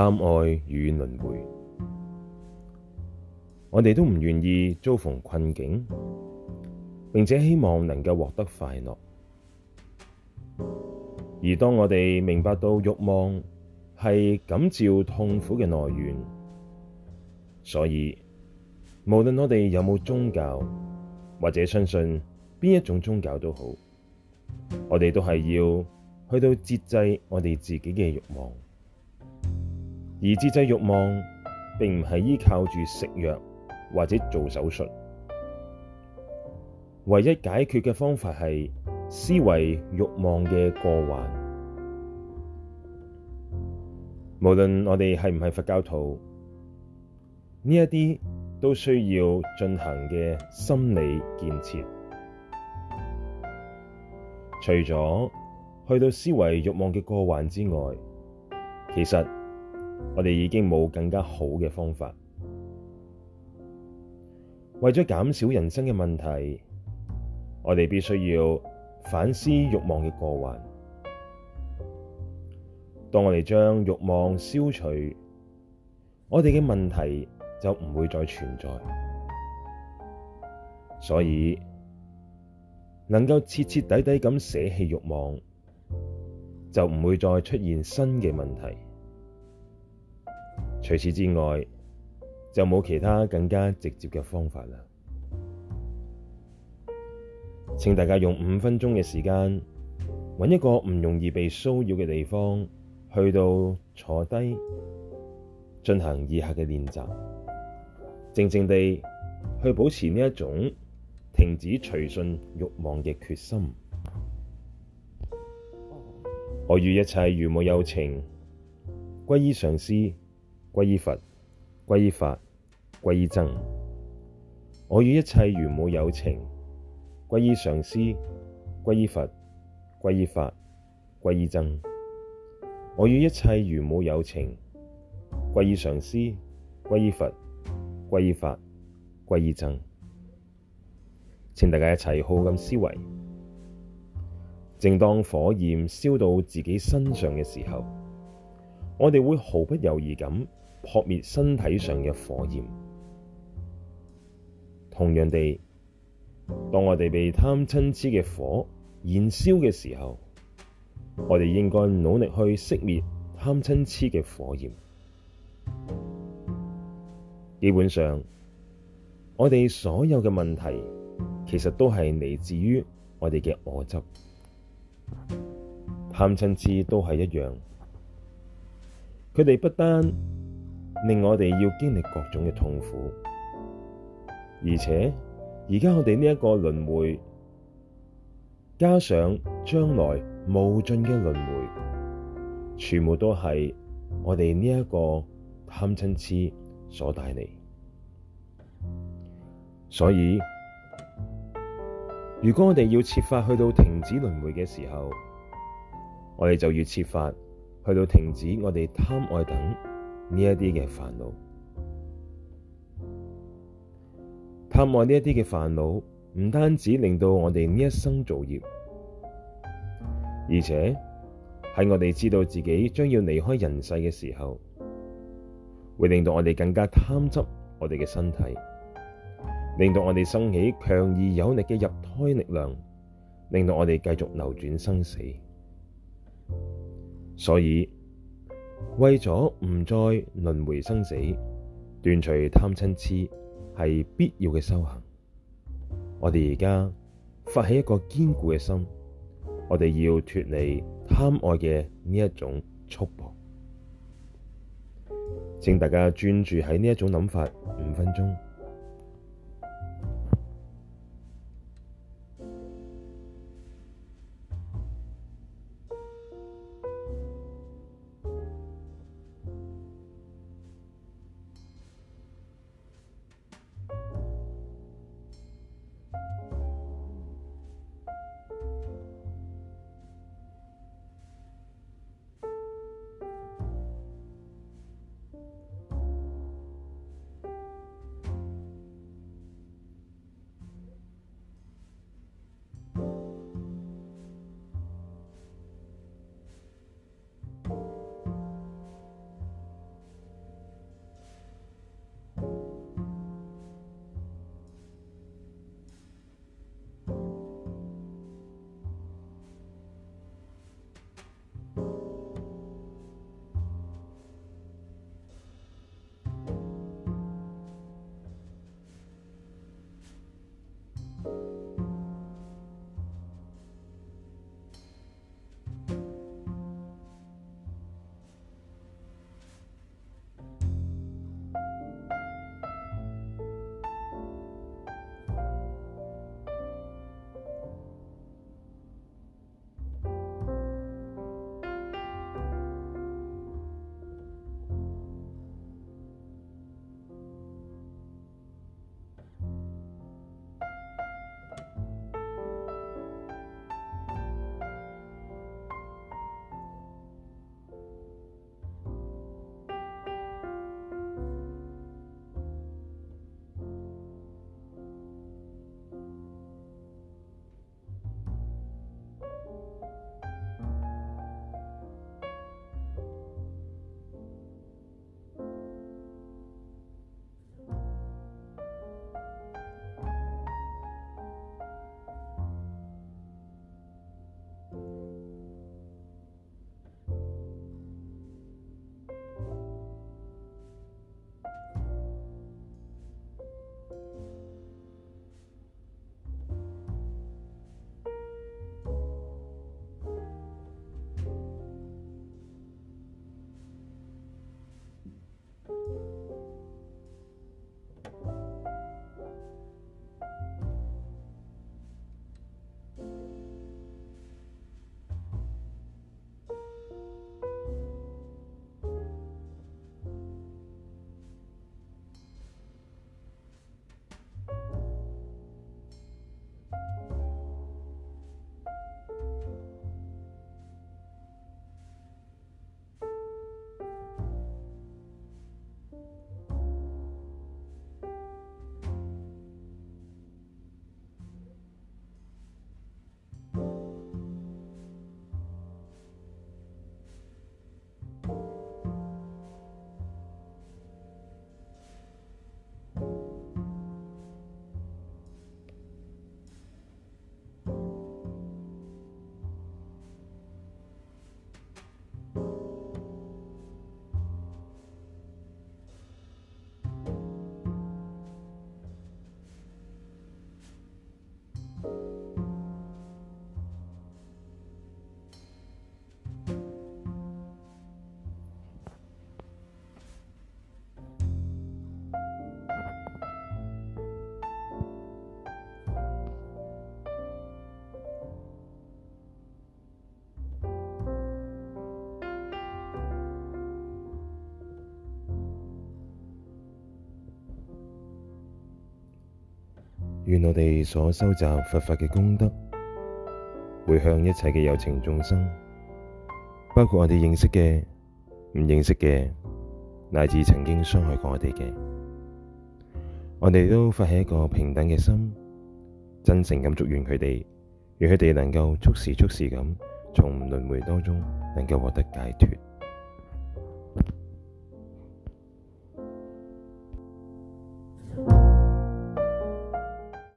貪愛與輪迴，我哋都唔願意遭逢困境，並且希望能夠獲得快樂。而當我哋明白到欲望是感召痛苦嘅來源，所以無論我哋有冇宗教，或者相信邊一種宗教都好，我哋都係要去到節制我哋自己嘅欲望。而節制欲望，並唔係依靠住食藥或者做手術，唯一解決嘅方法係思維欲望嘅過患。無論我哋係唔係佛教徒，呢一啲都需要進行嘅心理建設。除咗去到思維欲望嘅過患之外，其實。我哋已經冇更加好嘅方法，為咗減少人生嘅問題，我哋必須要反思欲望嘅過患。當我哋將欲望消除，我哋嘅問題就唔會再存在。所以能夠徹徹底底咁捨棄欲望，就唔會再出現新嘅問題。除此之外，就冇其他更加直接嘅方法啦。請大家用五分鐘嘅時間，揾一個唔容易被騷擾嘅地方，去到坐低進行以下嘅練習，靜靜地去保持呢一種停止隨順欲望嘅決心。我與一切如母有情，歸依上師。皈依佛，皈依法，皈依僧。我與一切如母有情，皈依上師，皈依佛，皈依法，皈依僧。我與一切如母有情，皈依上師，皈依佛，皈依法，歸依僧。請大家一齊好好咁思維。正當火焰燒到自己身上嘅時候，我哋會毫不猶豫咁。撲滅身體上嘅火焰，同樣地，當我哋被貪嗔癡嘅火燃燒嘅時候，我哋應該努力去熄滅貪嗔癡嘅火焰。基本上，我哋所有嘅問題其實都係嚟自於我哋嘅我執，貪嗔癡都係一樣。佢哋不單令我哋要經歷各種嘅痛苦，而且而家我哋呢一個輪迴，加上將來無盡嘅輪迴，全部都係我哋呢一個貪嗔癡所帶嚟。所以，如果我哋要設法去到停止輪迴嘅時候，我哋就要設法去到停止我哋貪愛等。呢一啲嘅煩惱，貪愛呢一啲嘅煩惱，唔單止令到我哋呢一生造業，而且喺我哋知道自己將要離開人世嘅時候，會令到我哋更加貪執我哋嘅身體，令到我哋生起強而有力嘅入胎力量，令到我哋繼續流轉生死。所以。為咗唔再輪迴生死，斷除貪嗔痴係必要嘅修行。我哋而家發起一個堅固嘅心，我哋要脫離貪愛嘅呢一種束縛。請大家專注喺呢一種諗法五分鐘。願我哋所收集佛法嘅功德，回向一切嘅有情眾生，包括我哋認識嘅、唔認識嘅，乃至曾經傷害過我哋嘅，我哋都發起一個平等嘅心，真誠咁祝願佢哋，願佢哋能夠速時速時咁從輪迴當中能夠獲得解脫。